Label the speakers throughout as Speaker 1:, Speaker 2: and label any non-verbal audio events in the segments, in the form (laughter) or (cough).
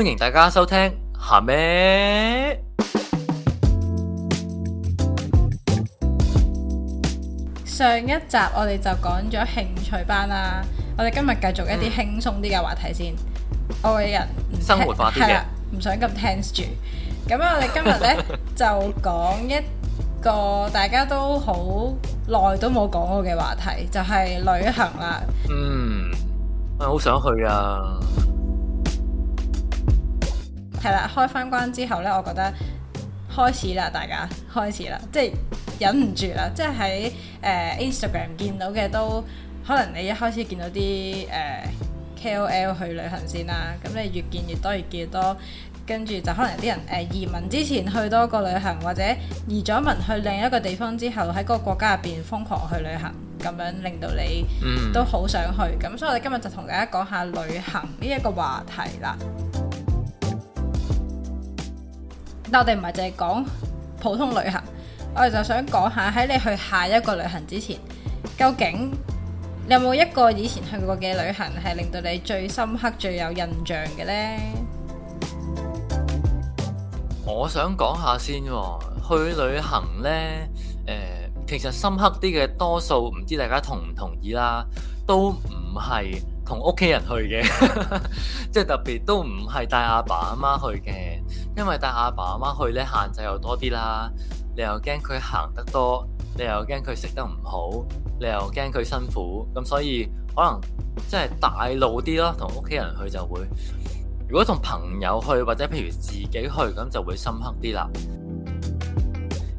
Speaker 1: 歡迎大家收聽。吓咩？
Speaker 2: 上一集我哋就講咗興趣班啦，我哋今日繼續一啲輕鬆啲嘅話題先。我嘅人生活化啲嘅，唔想咁 tense 住。咁啊，我哋今日咧就講一個大家都好耐都冇講過嘅話題，就係旅行啦。
Speaker 1: 嗯，我好想去啊！
Speaker 2: 係啦，開翻關之後呢，我覺得開始啦，大家開始啦，即係忍唔住啦，即係喺、呃、Instagram 見到嘅都，可能你一開始見到啲誒、呃、KOL 去旅行先啦，咁你越見越多，越見越多，跟住就可能有啲人誒、呃、移民之前去多個旅行，或者移咗民去另一個地方之後，喺嗰個國家入邊瘋狂去旅行，咁樣令到你都好想去，咁、嗯、所以我哋今日就同大家講下旅行呢一個話題啦。但我哋唔係淨係講普通旅行，我哋就想講下喺你去下一個旅行之前，究竟你有冇一個以前去過嘅旅行係令到你最深刻、最有印象嘅呢？
Speaker 1: 我想講下先、哦，去旅行呢，誒、呃，其實深刻啲嘅多數唔知大家同唔同意啦，都唔係。同屋企人去嘅， (laughs) 即係特別都唔係帶阿爸阿媽去嘅，因為帶阿爸阿媽去呢，限制又多啲啦，你又驚佢行得多，你又驚佢食得唔好，你又驚佢辛苦，咁所以可能即係大路啲咯，同屋企人去就會。如果同朋友去或者譬如自己去，咁就會深刻啲啦。誒、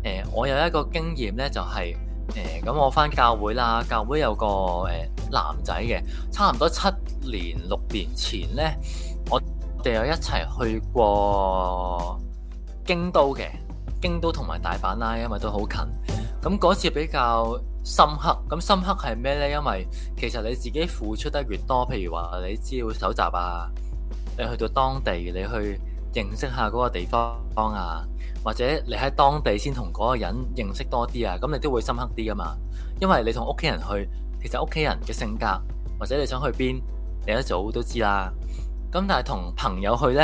Speaker 1: 呃，我有一個經驗呢，就係誒咁我返教會啦，教會有個誒，呃男仔嘅，差唔多七年六年前呢，我哋有一齊去過京都嘅，京都同埋大阪啦，因為都好近。咁嗰次比較深刻，咁深刻係咩咧？因為其實你自己付出得越多，譬如話你資料搜集啊，你去到當地你去認識下嗰個地方啊，或者你喺當地先同嗰個人認識多啲啊，咁你都會深刻啲噶嘛。因為你同屋企人去。其實屋企人嘅性格，或者你想去邊，你一早都知啦。咁但係同朋友去呢，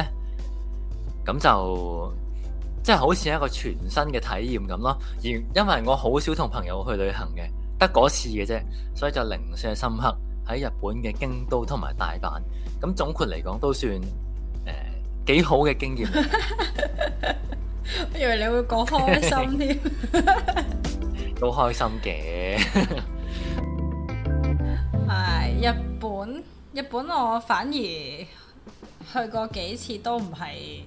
Speaker 1: 咁就即係、就是、好似一個全新嘅體驗咁咯。而因為我好少同朋友去旅行嘅，得嗰次嘅啫，所以就零舍深刻喺日本嘅京都同埋大阪。咁總括嚟講，都算誒幾、呃、好嘅經驗。
Speaker 2: (laughs) 我以為你會講開心添，
Speaker 1: (laughs) (laughs) 都開心嘅。 (laughs)
Speaker 2: 日本，日本我反而去過幾次都唔係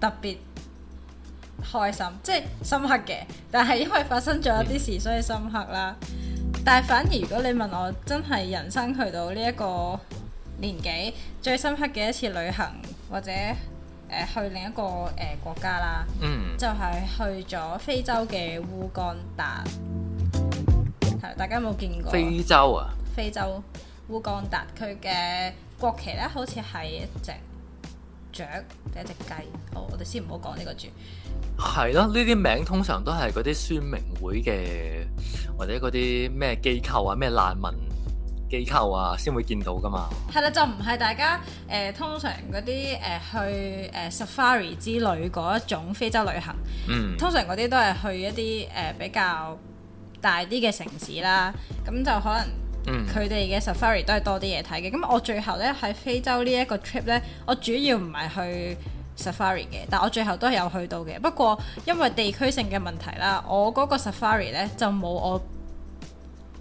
Speaker 2: 特別開心，即係深刻嘅。但係因為發生咗一啲事，嗯、所以深刻啦。但係反而如果你問我真係人生去到呢一個年紀最深刻嘅一次旅行或者、呃、去另一個誒、呃、國家啦，嗯、就係去咗非洲嘅烏干達。大家有冇見過？非洲啊？非洲烏干達佢嘅國旗咧，好似係一隻雀定一隻雞。好、哦，我哋先唔好講呢個住。
Speaker 1: 係咯，呢啲名通常都係嗰啲宣明會嘅，或者嗰啲咩機構啊、咩難民機構啊，先會見到噶嘛。
Speaker 2: 係啦，就唔係大家誒、呃、通常嗰啲誒去誒 Safari 之類嗰一種非洲旅行。嗯，通常嗰啲都係去一啲誒、呃、比較大啲嘅城市啦，咁就可能。佢哋嘅 Safari、嗯、都係多啲嘢睇嘅，咁我最後呢，喺非洲呢一個 trip 呢，我主要唔係去 Safari 嘅，但我最後都係有去到嘅。不過因為地區性嘅問題啦，我嗰個 Safari 呢就冇我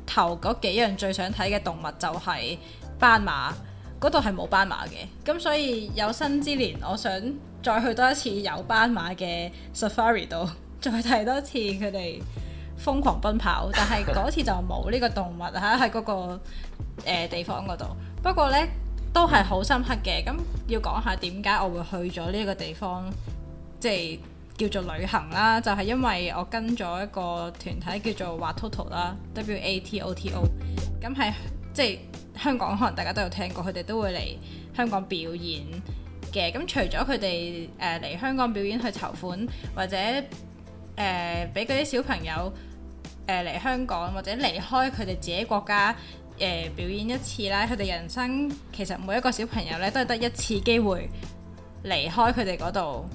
Speaker 2: 頭嗰幾樣最想睇嘅動物，就係斑馬，嗰度係冇斑馬嘅。咁所以有生之年，我想再去多一次有斑馬嘅 Safari 度，再睇多次佢哋。瘋狂奔跑，但係嗰次就冇呢個動物嚇喺嗰個誒地方嗰度。不過呢都係好深刻嘅。咁要講下點解我會去咗呢個地方，即係叫做旅行啦。就係因為我跟咗一個團體叫做 WATOTO 啦 （W A T O T O），咁係即係香港可能大家都有聽過，佢哋都會嚟香港表演嘅。咁除咗佢哋誒嚟香港表演去籌款，或者誒俾嗰啲小朋友。誒嚟、呃、香港或者離開佢哋自己國家誒、呃、表演一次啦，佢哋人生其實每一個小朋友咧都係得一次機會離開佢哋嗰度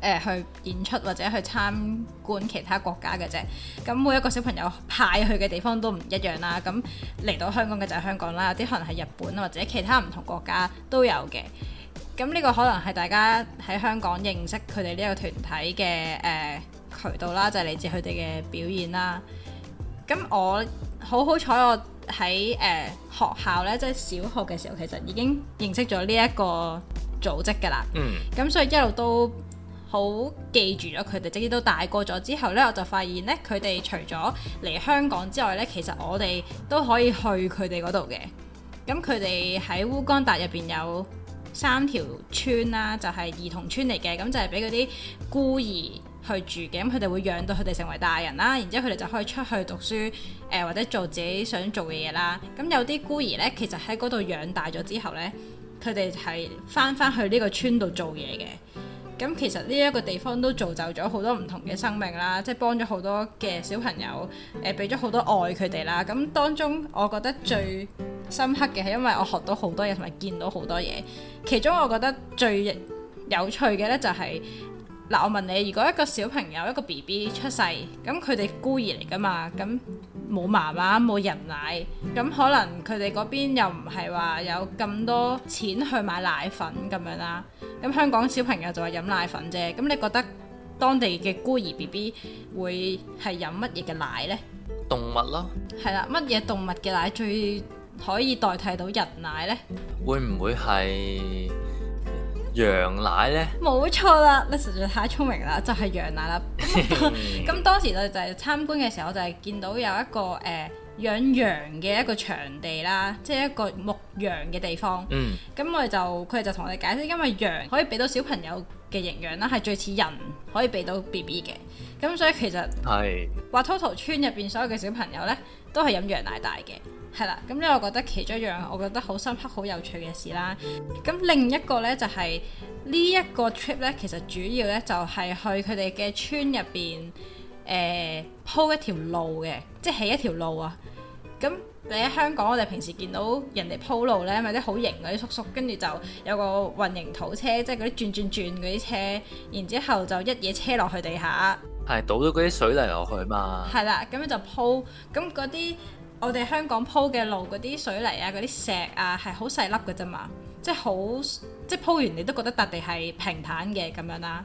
Speaker 2: 誒去演出或者去參觀其他國家嘅啫。咁每一個小朋友派去嘅地方都唔一樣啦。咁嚟到香港嘅就係香港啦，有啲可能係日本或者其他唔同國家都有嘅。咁呢個可能係大家喺香港認識佢哋呢個團體嘅誒。呃渠道啦，就嚟自佢哋嘅表演啦。咁我好好彩，我喺誒學校咧，即係小學嘅時候，其實已經認識咗呢一個組織噶啦。嗯，咁所以一路都好記住咗佢哋。直至都大個咗之後咧，我就發現咧，佢哋除咗嚟香港之外咧，其實我哋都可以去佢哋嗰度嘅。咁佢哋喺烏干達入邊有三條村啦，就係兒童村嚟嘅，咁就係俾嗰啲孤兒。去住嘅，咁佢哋會養到佢哋成為大人啦，然之後佢哋就可以出去讀書，誒、呃、或者做自己想做嘅嘢啦。咁有啲孤兒呢，其實喺嗰度養大咗之後呢，佢哋係翻翻去呢個村度做嘢嘅。咁其實呢一個地方都造就咗好多唔同嘅生命啦，即係幫咗好多嘅小朋友，誒俾咗好多愛佢哋啦。咁當中我覺得最深刻嘅係因為我學到好多嘢同埋見到好多嘢，其中我覺得最有趣嘅呢，就係、是。嗱，我問你，如果一個小朋友一個 BB 出世，咁佢哋孤兒嚟㗎嘛？咁冇媽媽冇人奶，咁可能佢哋嗰邊又唔係話有咁多錢去買奶粉咁樣啦。咁香港小朋友就話飲奶粉啫。咁你覺得當地嘅孤兒 BB 會係飲乜嘢嘅奶呢？
Speaker 1: 動物咯。
Speaker 2: 係啦，乜嘢動物嘅奶最可以代替到人奶呢？
Speaker 1: 會唔會係？羊奶呢？
Speaker 2: 冇錯啦，你實在太聰明啦，就係、是、羊奶啦。咁 (laughs) 當時我哋就係參觀嘅時候，就係見到有一個誒、呃、養羊嘅一個場地啦，即係一個牧羊嘅地方。嗯。咁我哋就佢哋就同我哋解釋，因為羊可以俾到小朋友嘅營養啦，係最似人可以俾到 B B 嘅。咁所以其實係話 Watoto 是村入邊所有嘅小朋友呢，都係飲羊奶大嘅。係啦，咁咧，我覺得其中一樣，我覺得好深刻、好有趣嘅事啦。咁另一個呢，就係呢一個 trip 呢，其實主要呢，就係、是、去佢哋嘅村入邊，誒、呃、鋪一條路嘅，即係起一條路啊。咁你喺香港，我哋平時見到人哋鋪路呢，咪啲好型嗰啲叔叔，跟住就有個混凝土車，即係嗰啲轉轉轉嗰啲車，然之後就一嘢車落去地下，
Speaker 1: 係倒咗嗰啲水泥落去嘛。
Speaker 2: 係啦，咁樣就鋪，咁啲。我哋香港鋪嘅路嗰啲水泥啊、嗰啲石啊，係好細粒嘅啫嘛，即係好即係鋪完你都覺得笪地係平坦嘅咁樣啦。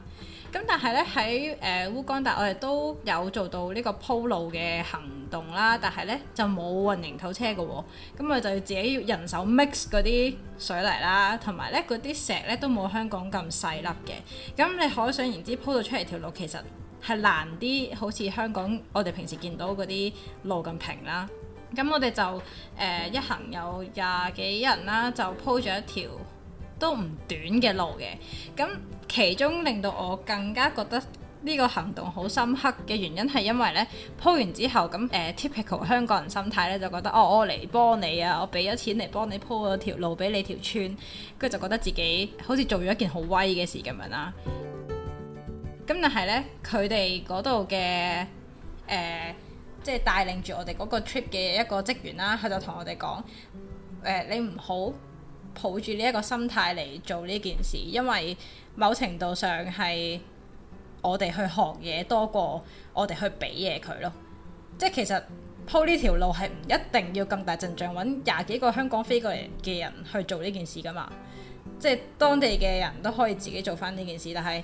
Speaker 2: 咁但係呢，喺誒、呃、烏干達，我哋都有做到呢個鋪路嘅行動啦。但係呢，就冇混凝土車嘅喎，咁我就要自己要人手 mix 嗰啲水泥啦，同埋呢嗰啲石呢，都冇香港咁細粒嘅。咁你可想而知鋪到出嚟條路其實係難啲，好似香港我哋平時見到嗰啲路咁平啦。咁我哋就誒、呃、一行有廿幾人啦、啊，就鋪咗一條都唔短嘅路嘅。咁其中令到我更加覺得呢個行動好深刻嘅原因係因為呢，鋪完之後，咁誒 typical 香港人心態呢，就覺得哦，我嚟幫你啊，我俾咗錢嚟幫你鋪咗條路俾你條村，跟住就覺得自己好似做咗一件好威嘅事咁樣啦。咁但係呢，佢哋嗰度嘅誒。呃即係帶領住我哋嗰個 trip 嘅一個職員啦，佢就同我哋講：誒、呃，你唔好抱住呢一個心態嚟做呢件事，因為某程度上係我哋去學嘢多過我哋去俾嘢佢咯。即係其實鋪呢條路係唔一定要咁大陣仗，揾廿幾個香港飛過嚟嘅人去做呢件事㗎嘛。即係當地嘅人都可以自己做返呢件事，但係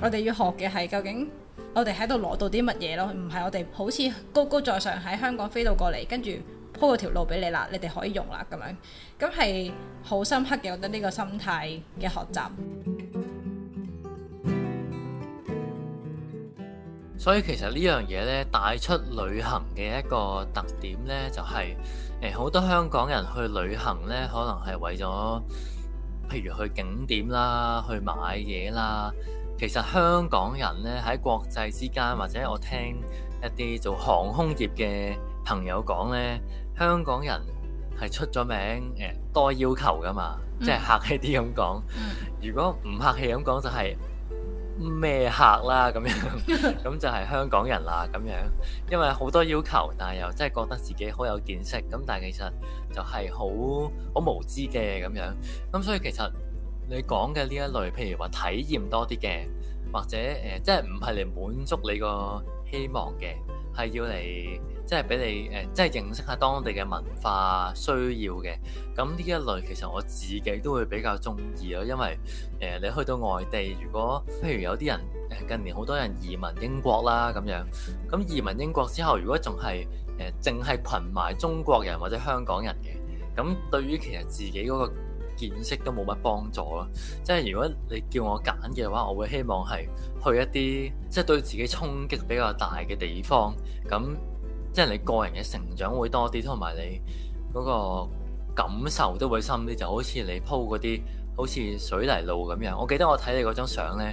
Speaker 2: 我哋要學嘅係究竟，我哋喺度攞到啲乜嘢咯？唔係我哋好似高高在上喺香港飛到過嚟，跟住鋪個條路俾你啦，你哋可以用啦咁樣。咁係好深刻嘅，我覺得呢個心態嘅學習。
Speaker 1: 所以其實呢樣嘢呢，帶出旅行嘅一個特點呢、就係，就係誒好多香港人去旅行呢，可能係為咗譬如去景點啦，去買嘢啦。其實香港人咧喺國際之間，或者我聽一啲做航空業嘅朋友講咧，香港人係出咗名誒、呃、多要求㗎嘛，嗯、即係客氣啲咁講。嗯、如果唔客氣咁講，就係咩客啦咁樣，咁 (laughs) 就係香港人啦咁樣。因為好多要求，但係又真係覺得自己好有見識，咁但係其實就係好好無知嘅咁樣。咁所以其實。你講嘅呢一類，譬如話體驗多啲嘅，或者誒、呃，即係唔係嚟滿足你個希望嘅，係要嚟即係俾你誒，即係、呃、認識下當地嘅文化需要嘅。咁呢一類其實我自己都會比較中意咯，因為誒、呃、你去到外地，如果譬如有啲人誒近年好多人移民英國啦咁樣，咁移民英國之後，如果仲係誒淨係群埋中國人或者香港人嘅，咁對於其實自己嗰個見識都冇乜幫助咯，即係如果你叫我揀嘅話，我會希望係去一啲即係對自己衝擊比較大嘅地方，咁即係你個人嘅成長會多啲，同埋你嗰個感受都會深啲，就好似你鋪嗰啲好似水泥路咁樣。我記得我睇你嗰張相呢，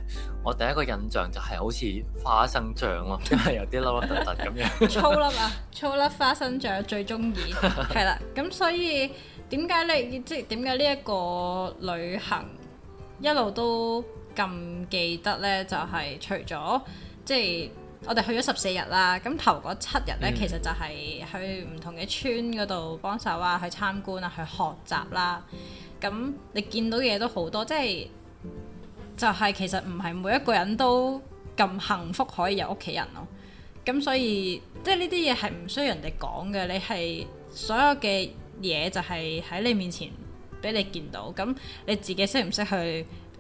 Speaker 1: 我第一個印象就係好似花生醬咯，因為 (laughs) (laughs) 有啲粒粒突突咁樣 (laughs) 粗粒
Speaker 2: 啊， (laughs) 粗粒花生醬最鍾意，係啦， (laughs) 咁所以。點解咧？即係點解呢一個旅行一路都咁記得呢？就係、是、除咗即係我哋去咗十四日啦，咁頭嗰七日呢，嗯、其實就係去唔同嘅村嗰度幫手啊，去參觀啊，去學習啦、啊。咁你見到嘅嘢都好多，即係就係、是、其實唔係每一個人都咁幸福可以有屋企人咯、啊。咁所以即係呢啲嘢係唔需要人哋講嘅，你係所有嘅。嘢就係喺你面前俾你見到，咁你自己識唔識去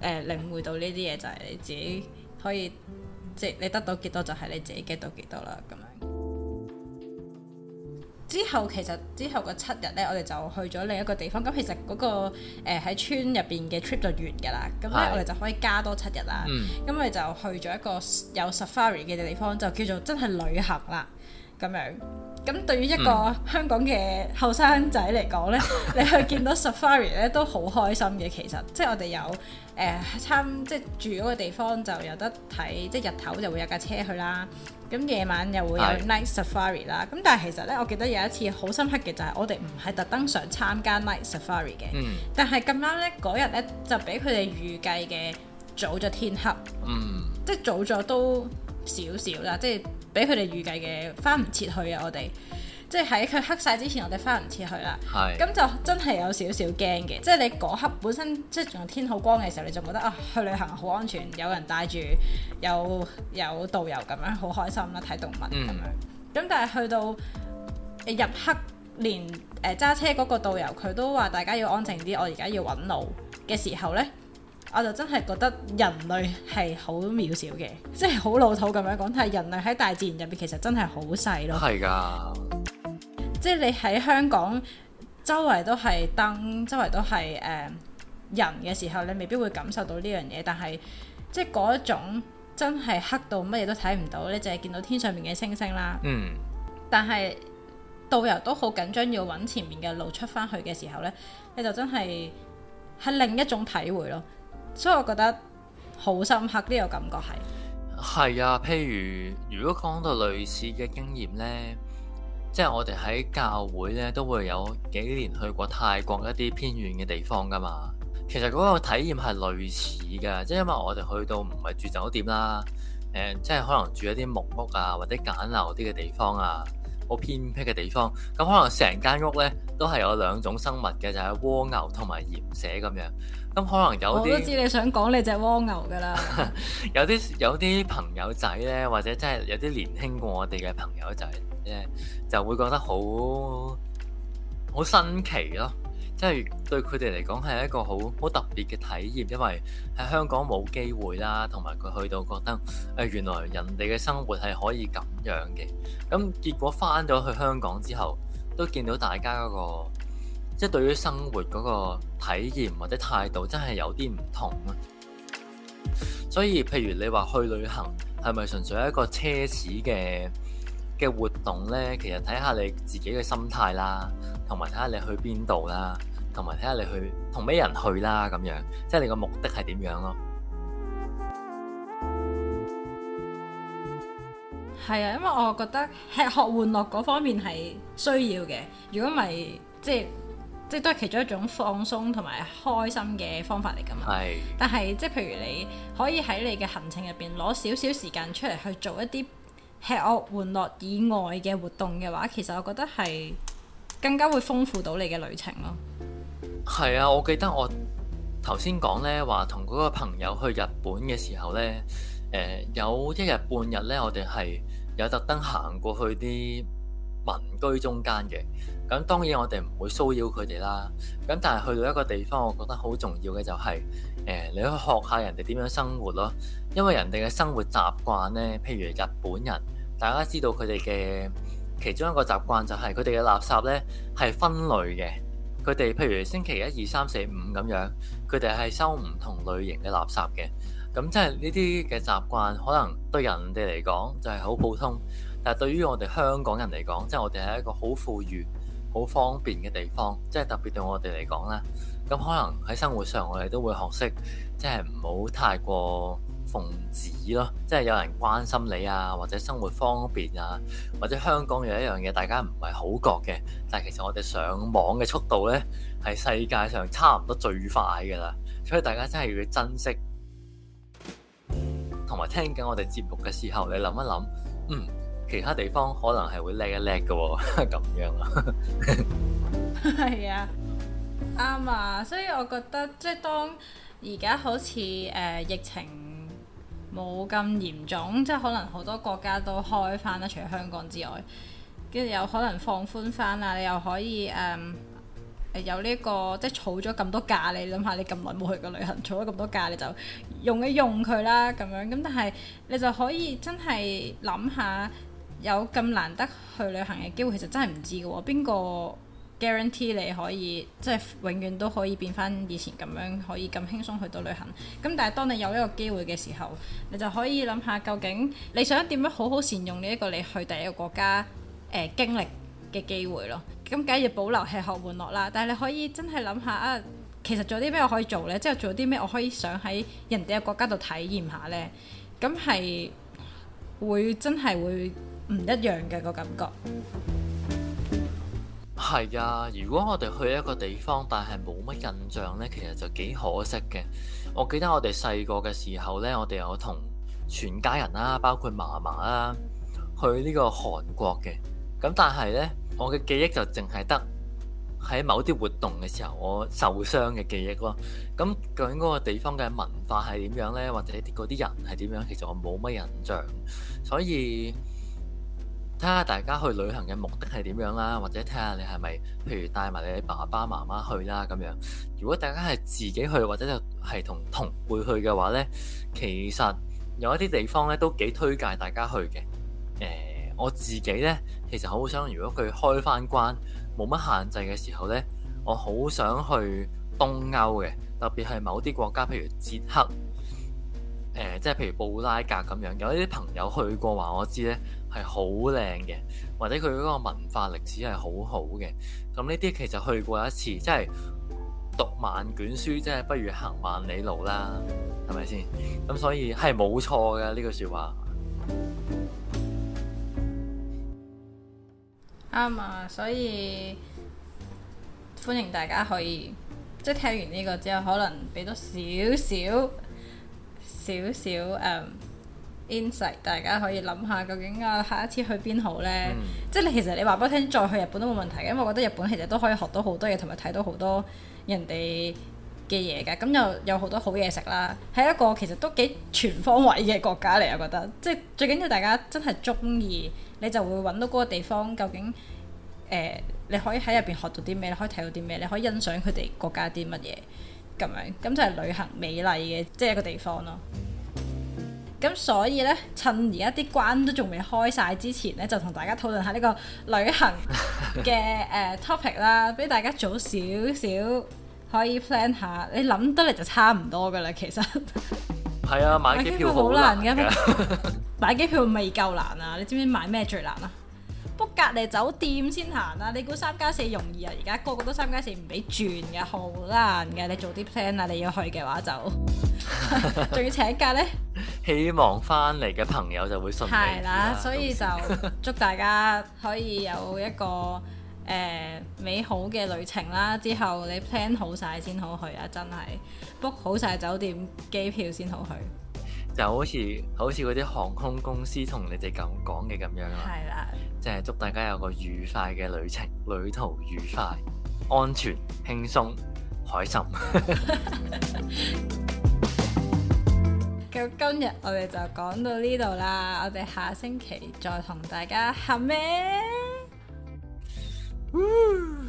Speaker 2: 誒領會到呢啲嘢就係、係、你自己可以，嗯、即係你得到幾多就係你自己 get 到幾多啦咁樣。之後其實之後個七日呢，我哋就去咗另一個地方，咁其實嗰、嗰個喺、呃、村入邊嘅 trip 就完㗎啦，咁咧我哋就可以加多七日啦，咁咪、嗯、就去咗一個有 safari 嘅地方，就叫做真係旅行啦，咁樣。咁對於一個香港嘅後生仔嚟講呢 (laughs) (laughs) 你去見到 safari 呢都好開心嘅。其實，即係我哋有誒參，即係住嗰個地方就有得睇，即係日頭就會有架車去啦。咁夜晚又會有 night safari 啦。咁的但係其實呢，我記得有一次好深刻嘅就係我哋唔係特登想參加 night safari 嘅，嗯、但係咁啱呢嗰日呢，就俾佢哋預計嘅早咗天黑，嗯、即係早咗都少少啦，即係。俾佢哋預計嘅翻唔切去呀我哋，即係喺佢黑晒之前，我哋翻唔切去啦。咁的就真係有少少驚嘅。即係你嗰刻本身即係仲天好光嘅時候，你就覺得啊、哦、去旅行好安全，有人帶住，有有導遊咁樣好開心啦，睇動物咁樣。咁、嗯、但係去到入黑，連誒揸、呃、車嗰個導遊佢都話大家要安靜啲，我而家要揾路嘅時候呢。我就真係覺得人類係好渺小嘅，即係好老土咁樣講，但係人類喺大自然入邊其實真係好細咯。 (music) 即係你喺香港周圍都係燈，周圍都係誒、呃、人嘅時候，你未必會感受到呢樣嘢。但係即係嗰一種真係黑到乜嘢都睇唔到，你就係見到天上面嘅星星啦。 (music) 但係導遊都好緊張，要揾前面嘅路出翻去嘅時候呢，你就真係，係另一種體會咯。所以我覺得好深刻，呢個感覺係
Speaker 1: 係啊。譬如如果講到類似嘅經驗呢，即係我哋喺教會呢，都會有幾年去過泰國一啲偏遠嘅地方噶嘛，其實嗰個體驗係類似噶，即係因為我哋去到唔係住酒店啦，誒、嗯，即係可能住一啲木屋啊，或者簡陋啲嘅地方啊。好偏僻嘅地方，咁可能成間屋咧都係有兩種生物嘅，就係蝸牛同埋鹽蛇咁樣。咁可能有啲，我都知你想
Speaker 2: 講你隻蝸牛㗎啦 (laughs) 。
Speaker 1: 有啲有啲朋友仔咧，或者真係有啲年輕過我哋嘅朋友仔咧，就會覺得好好新奇咯。即係對佢哋嚟講係一個好好特別嘅體驗，因為喺香港冇機會啦，同埋佢去到覺得誒、呃、原來人哋嘅生活係可以咁樣嘅，咁、嗯、結果返咗去香港之後都見到大家嗰、嗰個即係對於生活嗰個體驗或者態度真係有啲唔同啊！所以譬如你話去旅行係咪純粹一個奢侈嘅嘅活動呢，其實睇下你自己嘅心態啦，同埋睇下你去邊度啦，同埋睇下你去同咩人去啦，咁樣即係你個目的係點樣咯，啊？
Speaker 2: 係啊，因為我覺得吃喝玩樂嗰方面係需要嘅，如果唔係即係即係都係其中一種放鬆同埋開心嘅方法嚟噶嘛。係，但係即係譬如你可以喺你嘅行程入邊攞少少時間出嚟去做一啲。吃喝玩樂以外嘅活動嘅話，其實我覺得係更加會豐富到你嘅旅程咯。
Speaker 1: 係啊，我記得我頭先講呢話同嗰個朋友去日本嘅時候呢，誒、呃、有一日半日呢，我哋係有特登行過去啲。民居中間嘅，咁當然我哋唔會騷擾佢哋啦。咁但係去到一個地方，我覺得好重要嘅就係，誒，你去學下人哋點樣生活咯。因為人哋嘅生活習慣呢，譬如日本人，大家知道佢哋嘅其中一個習慣就係佢哋嘅垃圾呢係分類嘅。佢哋譬如星期一、二、三、四、五咁樣，佢哋係收唔同類型嘅垃圾嘅。咁即係呢啲嘅習慣，可能對人哋嚟講就係好普通。但係對於我哋香港人嚟講，即係我哋係一個好富裕、好方便嘅地方，即係特別對我哋嚟講啦。咁可能喺生活上我哋都會學識，即係唔好太過奉旨咯，即係有人關心你啊，或者生活方便啊，或者香港有一樣嘢大家唔係好覺嘅，但係其實我哋上網嘅速度呢，係世界上差唔多最快㗎啦，所以大家真係要珍惜，同埋聽緊我哋節目嘅時候，你諗一諗，嗯。其他地方可能係會叻一叻嘅喎，咁樣啊，
Speaker 2: 係啊，啱啊，所以我覺得即係當而家好似誒、呃、疫情冇咁嚴重，即係可能好多國家都開翻啦，除咗香港之外，跟住有可能放寬翻啦，你又可以誒、呃、有呢、這個即係儲咗咁多假，想想你諗下你咁耐冇去過旅行，儲咗咁多假，你就用一用佢啦，咁樣咁，但係你就可以真係諗下。有咁難得去旅行嘅機會，其實真係唔知嘅喎、哦。邊個 guarantee 你可以即係永遠都可以變返以前咁樣，可以咁輕鬆去到旅行？咁但係當你有呢個機會嘅時候，你就可以諗下究竟你想點樣好好善用呢一個你去第一個國家誒、呃、經歷嘅機會咯？咁梗係要保留吃喝玩樂啦。但係你可以真係諗下啊，其實做啲咩我可以做呢？即係做啲咩我可以想喺人哋嘅國家度體驗下呢。」咁係會真係會。唔一樣
Speaker 1: 嘅個感覺係啊。如果我哋去一個地方，但係冇乜印象呢，其實就幾可惜嘅。我記得我哋細個嘅時候呢，我哋有同全家人啦、啊，包括嫲嫲啦，去呢個韓國嘅。咁但係呢，我嘅記憶就淨係得喺某啲活動嘅時候，我受傷嘅記憶咯。咁究竟嗰個地方嘅文化係點樣呢？或者啲嗰啲人係點樣，其實我冇乜印象，所以。睇下大家去旅行嘅目的係點樣啦，或者睇下你係咪，譬如帶埋你爸爸媽媽去啦咁樣。如果大家係自己去，或者就係同同輩去嘅話呢，其實有一啲地方咧都幾推介大家去嘅。誒、呃，我自己呢，其實好想，如果佢開翻關冇乜限制嘅時候呢，我好想去東歐嘅，特別係某啲國家，譬如捷克。誒、呃，即係譬如布拉格咁樣，有啲朋友去過話我知呢係好靚嘅，或者佢嗰個文化歷史係好好嘅。咁呢啲其實去過一次，即係讀萬卷書，即係不如行萬里路啦，係咪先？咁所以係冇錯嘅呢句説話。
Speaker 2: 啱啊、嗯，所以歡迎大家可以，即、就、係、是、聽完呢個之後，可能俾多少少。少少誒、um, insight，大家可以諗下究竟我、啊、下一次去邊好呢？嗯、即係你其實你話俾我聽，再去日本都冇問題嘅，因為我覺得日本其實都可以學到好多嘢，同埋睇到好多人哋嘅嘢嘅。咁又有好多好嘢食啦，係一個其實都幾全方位嘅國家嚟。我覺得即係最緊要大家真係中意，你就會揾到嗰個地方。究竟誒你可以喺入邊學到啲咩？你可以睇到啲咩？你可以欣賞佢哋國家啲乜嘢。咁樣，咁就係旅行美麗嘅，即係一個地方咯。咁所以呢，趁而家啲關都仲未開晒之前呢，就同大家討論下呢個旅行嘅誒、 (laughs) uh, topic 啦，俾大家早少少可以 plan 下，你諗得嚟就差唔多噶啦。其實
Speaker 1: 係 (laughs) 啊，買機票好難嘅，
Speaker 2: 買機票未 (laughs) 夠難啊！你知唔知買咩最難啊？book 隔離酒店先行啦，啊！你估三加四容易啊？而家個個都三加四唔俾轉嘅，好難嘅。你做啲 plan 啊，你要去嘅話就，
Speaker 1: 仲
Speaker 2: (laughs) 要請假呢。
Speaker 1: (laughs) 希望翻嚟嘅朋友就會順利。係啦，所
Speaker 2: 以就祝大家可以有一個誒、 (laughs) 呃、美好嘅旅程啦。之後你 plan 好晒先好去啊！真係 book 好晒酒店機票先好去。
Speaker 1: 就好似好似嗰啲航空公司同你哋咁講嘅咁樣囉，即係 (noise) 祝大家有個愉快嘅旅程，旅途愉快，安全輕鬆，開心。
Speaker 2: 咁 (laughs) (noise) 今日我哋就講到呢度啦，我哋下星期再同大家合咩？ (noise)